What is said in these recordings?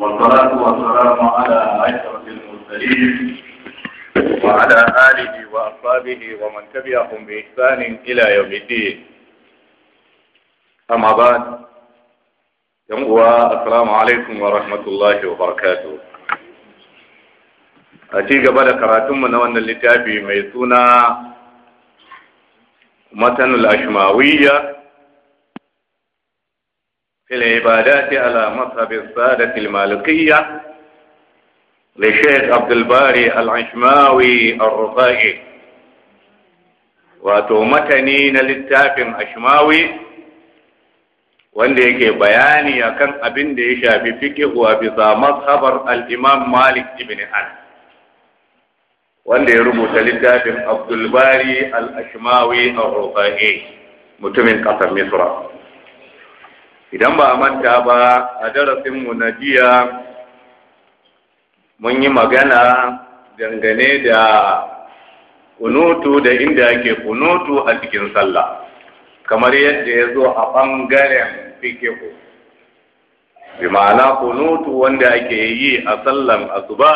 والصلاة والسلام على أشرف المرسلين وعلى آله وأصحابه ومن تبعهم بإحسان إلى يوم الدين أما بعد السلام عليكم ورحمة الله وبركاته أتي قبل كراتم من أن اللتابي ميسونا متن الأشماوية العبادات على مذهب السادة المالكية لشيخ عبد الباري العشماوي الرفائي وتومتنين للتافن أشماوي وانده يكي بياني يكن ابن ديشا في فكه وابضا مذهب الامام مالك بن عن وأندي يربط للتافن عبد الباري العشماوي الرفائي متمن قطر مصر idan ba a manta ba a darasinmu na jiya mun yi magana dangane da kunutu da inda ake kunutu a cikin sallah kamar yadda ya zo a ɓangaren fikihu bi ma'ana kunutu wanda ake yi a sallan asuba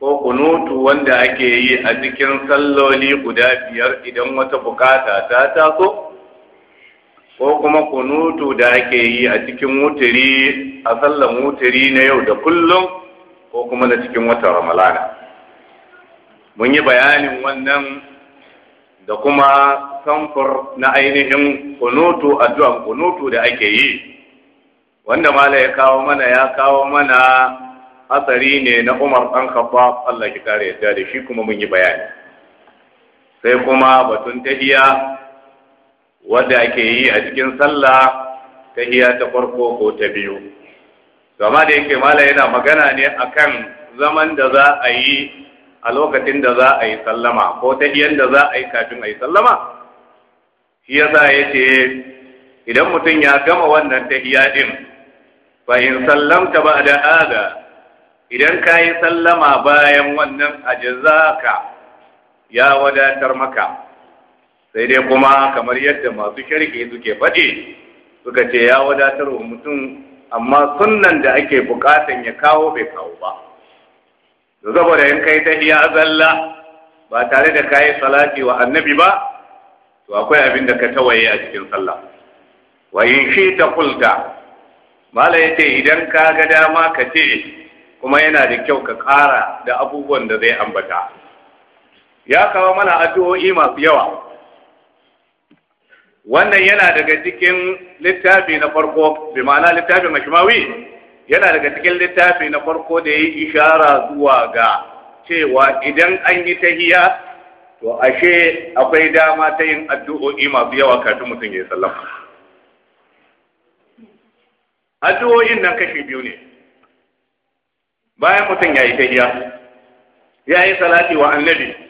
ko kunutu wanda ake yi a cikin salloli guda biyar idan wata bukata ta taso ko kuma kunutu da ake yi a cikin wutiri a sallan wutari na yau da kullum ko kuma na cikin watan ramalana mun yi bayanin wannan da kuma samfur na ainihin kunutu addu'an kunutu da ake yi wanda mala ya kawo mana ya kawo mana asari ne na Umar ɗan Khattab Allah ki kare yadda da shi kuma mun yi bayani sai kuma batun tahiya wanda ake yi a cikin sallah ta hiya ta farko ko ta biyu gama da yake mala yana magana ne akan zaman da za a yi a lokacin da za a yi sallama ko ta hiyan da za a yi kafin a yi sallama shi ya sa ya ce idan mutum ya gama wannan ta hiya din fa in sallamta ba da hada idan ka yi sallama bayan wannan ajizaka ya wadatar maka sai dai kuma kamar yadda masu sharhi suke faɗi suka ce ya wadatar wa mutum amma sunnan da ake bukatan ya kawo bai kawo ba da saboda in kai ta iya azalla ba tare da kayi salati wa annabi ba to akwai abin da ka tawaye a cikin sallah wa in shi ta kulta mala ce idan ka ga dama ka ce kuma yana da kyau ka ƙara da abubuwan da zai ambata ya kawo mana addu'o'i masu yawa wannan yana daga cikin littafi na farko bi ma'ana littafi mashimawi yana daga cikin littafi na farko da ya yi ishara zuwa ga cewa idan an yi tahiya to ashe akwai dama ta yin addu'o'i masu yawa kafin mutum ya yi sallama addu'o'in nan kashi biyu ne bayan mutum ya yi tahiya ya yi salati wa annabi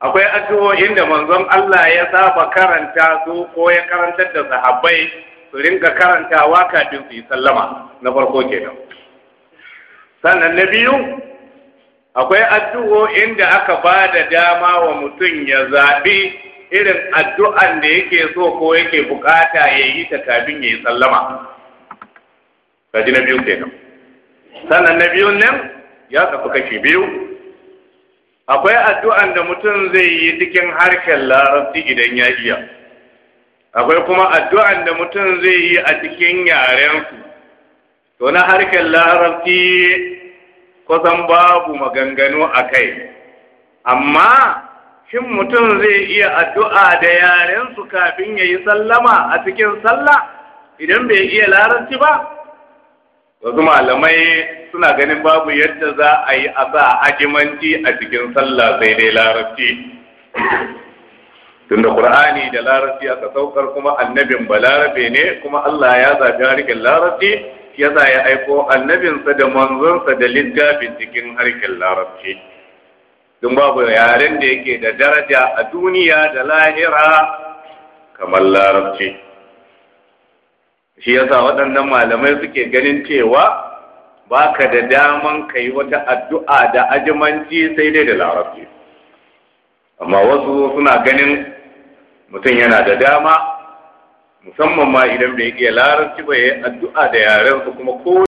akwai addu'o'in da manzon Allah ya saba karanta su ko ya karantar da sahabbai su rinka karantawa kafin su yi sallama na farko kenan sannan na biyu akwai addu'o'in da aka ba da dama wa mutum ya zaɓi irin addu'an da yake so ko yake bukata ya yi ta kafin ya yi sallama kaji na biyu kenan sannan na biyun nan ya tafi kashi biyu akwai addu'an da mutum zai yi cikin harkar larabci idan ya iya akwai kuma addu'an da mutum zai yi a cikin yarensu to na harkar larabci kusan babu maganganu a kai amma shin mutum zai iya addu'a da yarensu kafin ya yi sallama a cikin sallah idan bai iya larabci ba wasu malamai suna ganin babu yadda za a yi a sa hajimanci a cikin sallah sai dai larabci tunda ƙur'ani da larabci aka saukar kuma annabin balarabe ne kuma Allah ya zabi harkin larabci ya za ya aiko annabinsa da manzonsa da littafin cikin harkin larabci tun babu yaren da yake da daraja a duniya da lahira kamar larabci shi yasa waɗannan malamai suke ganin cewa ba ka da daman ka yi wata addu'a da ajimanci sai dai da larabci amma wasu suna ganin mutum yana da dama musamman ma idan bai iya larabci ba ya yi addu'a da yarensu kuma ko